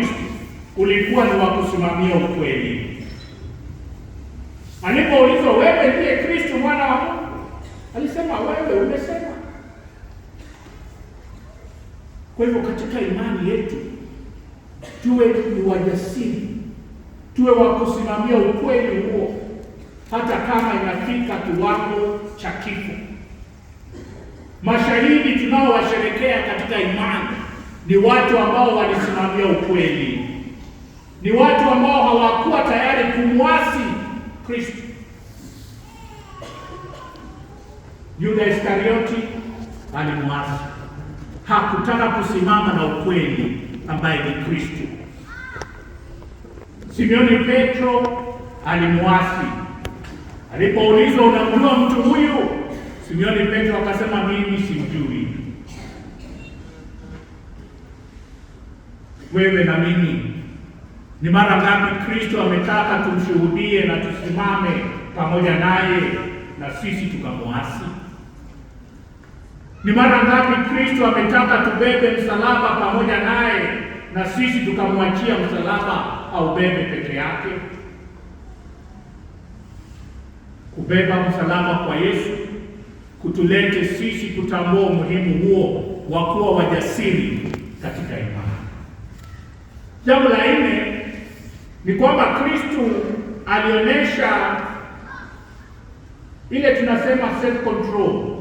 Kristo ulikuwa ni wa kusimamia ukweli. Alipoulizwa, wewe ndiye Kristo mwana wa Mungu, alisema wewe umesema. Kwa hivyo katika imani yetu tuwe ni wajasiri, tuwe wa kusimamia ukweli huo, hata kama inafika kiwango cha kifo. Mashahidi tunaowasherekea katika imani ni watu ambao walisimamia ukweli, ni watu ambao hawakuwa tayari kumwasi Kristo. Yuda Iskarioti alimwasi, hakutaka kusimama na ukweli ambaye ni Kristo. Simioni Petro alimwasi, alipoulizwa unamjua mtu huyu? Simioni Petro akasema mimi simjui. wewe na mimi. Ni mara ngapi Kristo ametaka tumshuhudie na tusimame pamoja naye na sisi tukamwasi? Ni mara ngapi Kristo ametaka tubebe msalaba pamoja naye na sisi tukamwachia msalaba aubebe peke yake? Kubeba msalaba kwa Yesu kutulete sisi kutambua umuhimu huo wa kuwa wajasiri katika imani. Jambo la nne ni kwamba Kristu alionyesha ile tunasema self control